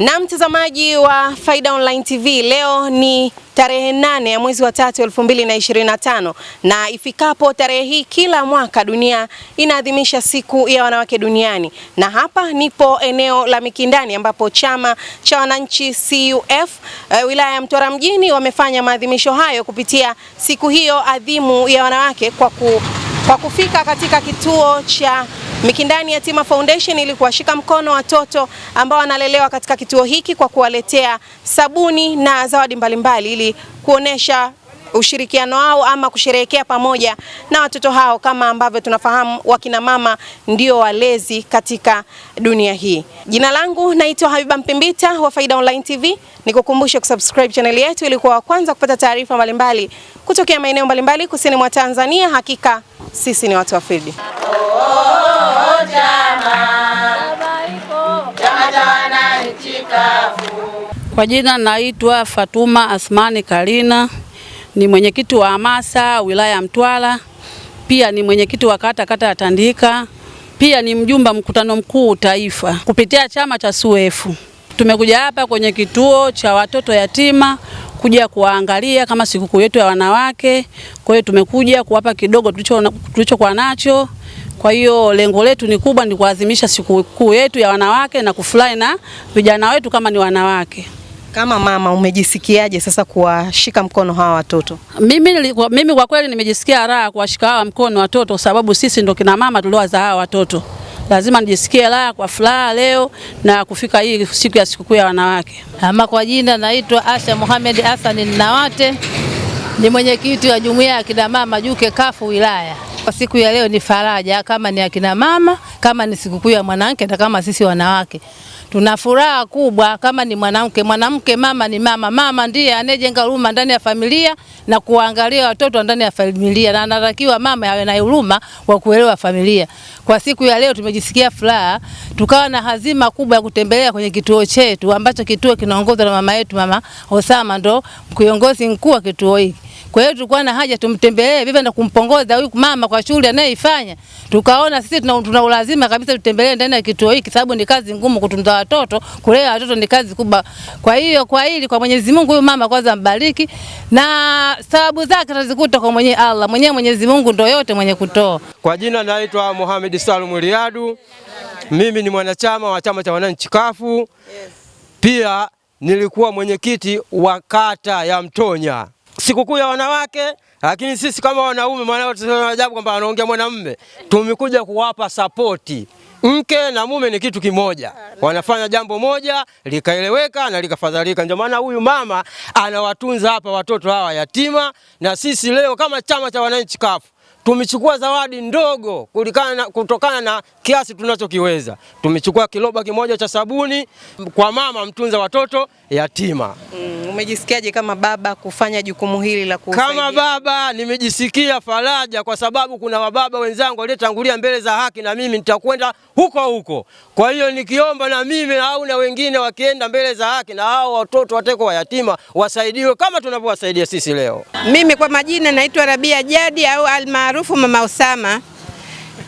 Na mtazamaji wa Faida Online TV, leo ni tarehe nane ya mwezi wa tatu elfu mbili na ishirini na tano na ifikapo tarehe hii kila mwaka dunia inaadhimisha siku ya wanawake duniani, na hapa nipo eneo la Mikindani ambapo chama cha wananchi CUF e, eh, wilaya ya Mtwara mjini wamefanya maadhimisho hayo kupitia siku hiyo adhimu ya wanawake kwa, ku, kwa kufika katika kituo cha Mikindani Yatima Foundation ili kuwashika mkono watoto ambao wanalelewa katika kituo hiki kwa kuwaletea sabuni na zawadi mbalimbali ili kuonesha ushirikiano wao ama kusherehekea pamoja na watoto hao. Kama ambavyo tunafahamu, wakina mama ndio walezi katika dunia hii. Jina langu naitwa Habiba Mpimbita wa Faida Online TV, nikukumbushe kusubscribe channel yetu ili kuwa wa kwanza kupata taarifa mbalimbali kutokea maeneo mbalimbali kusini mwa Tanzania. Hakika sisi ni watu wa Faida cha Kwa jina naitwa Fatuma Asmani Karina, ni mwenyekiti wa hamasa wilaya ya Mtwara, pia ni mwenyekiti wa kata kata ya Tandika, pia ni mjumbe mkutano mkuu taifa kupitia chama cha suefu Tumekuja hapa kwenye kituo cha watoto yatima kuja kuwaangalia kama sikukuu yetu ya wanawake. Kwa hiyo tumekuja kuwapa kidogo tulichokuwa nacho kwa hiyo lengo letu ni kubwa, ni kuadhimisha sikukuu yetu ya wanawake na kufurahi na vijana wetu kama ni wanawake. Kama mama umejisikiaje sasa kuwashika mkono hawa watoto? Mimi, mimi kwa kweli nimejisikia raha kuwashika hawa mkono watoto, kwa sababu sisi ndo kina mama tuliowazaa hawa watoto, lazima nijisikie raha kwa furaha leo na kufika hii siku ya sikukuu ya wanawake. Ama kwa jina naitwa Asha Mohamed Hassan Nawate, ni mwenyekiti wa jumuiya ya kina mama Juke Kafu wilaya kwa siku ya leo ni faraja, kama ni akina mama, kama ni sikukuu ya mwanamke, na kama sisi wanawake Tuna furaha kubwa kama ni mwanamke. Mwanamke mama ni mama, mama ndiye anayejenga huruma ndani ya familia na kuangalia watoto ndani ya familia, na anatakiwa mama awe na huruma wa kuelewa familia. Kwa siku ya leo tumejisikia furaha, tukawa na hazima kubwa ya kutembelea kwenye kituo chetu ambacho kituo kinaongozwa na mama yetu, mama Osama ndo kiongozi mkuu wa kituo hiki. Kwa hiyo tulikuwa na haja tumtembelee bibi na kumpongoza huyu mama kwa shughuli anayoifanya. Tukaona sisi tuna ulazima kabisa tutembelee ndani ya kituo hiki sababu ni kazi ngumu kutunza watoto, kulea watoto ni kazi kubwa. Kwa hiyo kwa hili kwa Mwenyezi Mungu huyu mama kwanza mbariki, na sababu zake tazikuta kwa mwenye Allah mwenyewe. Mwenyezi Mungu ndio yote mwenye kutoa. Kwa jina naitwa Mohamed Salum riadu mimi ni mwanachama wa chama cha wananchi kafu, pia nilikuwa mwenyekiti wa kata ya Mtonya sikukuu ya wanawake, lakini sisi kama wanaume, maana watu wanaajabu kwamba wanaongea mwanamume, tumekuja kuwapa sapoti mke na mume ni kitu kimoja, wanafanya jambo moja likaeleweka na likafadhalika. Ndio maana huyu mama anawatunza hapa watoto hawa yatima, na sisi leo kama chama cha wananchi kafu tumechukua zawadi ndogo kulikana, kutokana na kiasi tunachokiweza. Tumechukua kiloba kimoja cha sabuni kwa mama mtunza watoto yatima. Mm umejisikiaje kama baba kufanya jukumu hili la kusaidia? Kama baba nimejisikia faraja, kwa sababu kuna wababa wenzangu waliotangulia mbele za haki, na mimi nitakwenda huko huko. Kwa hiyo nikiomba na mimi au na wengine wakienda mbele za haki, na hao watoto wateko wayatima wasaidiwe kama tunavyowasaidia sisi leo. Mimi kwa majina naitwa Rabia Jadi au almaarufu Mama Usama.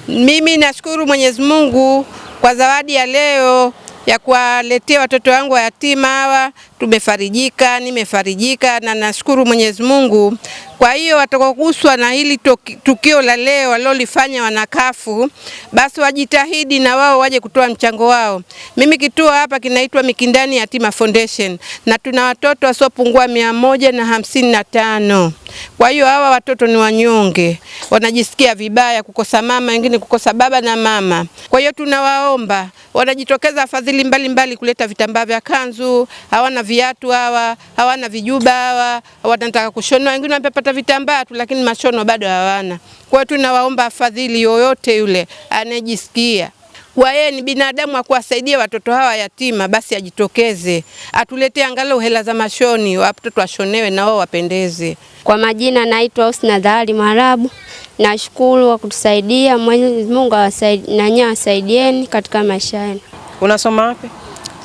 Mimi nashukuru Mwenyezi Mungu kwa zawadi ya leo ya kuwaletea watoto wangu yatima hawa, tumefarijika, nimefarijika na nashukuru Mwenyezi Mungu. Kwa hiyo watakoguswa na hili tukio la leo walilolifanya wanakafu, basi wajitahidi na wao waje kutoa mchango wao. Mimi kituo hapa kinaitwa Mikindani Yatima Foundation na tuna watoto wasiopungua mia moja na hamsini na tano. Kwa hiyo hawa watoto ni wanyonge, wanajisikia vibaya kukosa mama, wengine kukosa baba na mama. Kwa hiyo tunawaomba, wanajitokeza fadhili mbalimbali mbali kuleta vitambaa vya kanzu, hawana viatu hawa, hawana vijuba hawa, wanataka kushona, wengine wamepata vitambaa tu, lakini mashono bado hawana. Kwa hiyo tunawaomba afadhili yoyote yule anayejisikia kwa yeye ni binadamu akuwasaidia watoto hawa yatima, basi ajitokeze atuletee angalau hela za mashoni, watoto ashonewe na wao wapendeze. Kwa majina naitwa Husna Dhali Mwarabu. Nashukuru kwa kutusaidia, Mwenyezi Mungu awasaidie na awasaidieni katika maisha yenu. Unasoma wapi?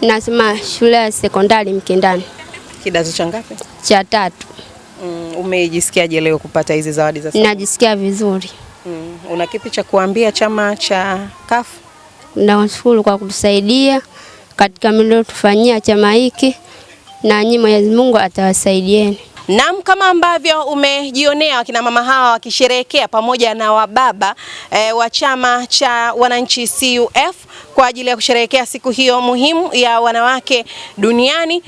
Nasoma shule ya sekondari Mkindani. Kidato cha ngapi? Cha tatu. Mm, umejisikiaje leo kupata hizi zawadi za? Najisikia vizuri. Mm, una kipi cha kuambia chama cha kafu nawashukuru kwa kutusaidia katika mliotufanyia chama hiki, na nyinyi Mwenyezi Mungu atawasaidieni. Naam, kama ambavyo umejionea wakina mama hawa wakisherehekea pamoja na wababa e, wa chama cha wananchi CUF kwa ajili ya kusherehekea siku hiyo muhimu ya wanawake duniani.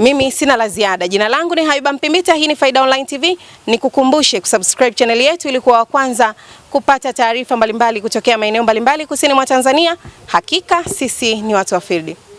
Mimi sina la ziada. Jina langu ni Haiba Mpimbita, hii ni Faida Online TV. Nikukumbushe kusubscribe channel yetu ili kuwa wa kwanza kupata taarifa mbalimbali kutokea maeneo mbalimbali kusini mwa Tanzania. Hakika sisi ni watu wa field.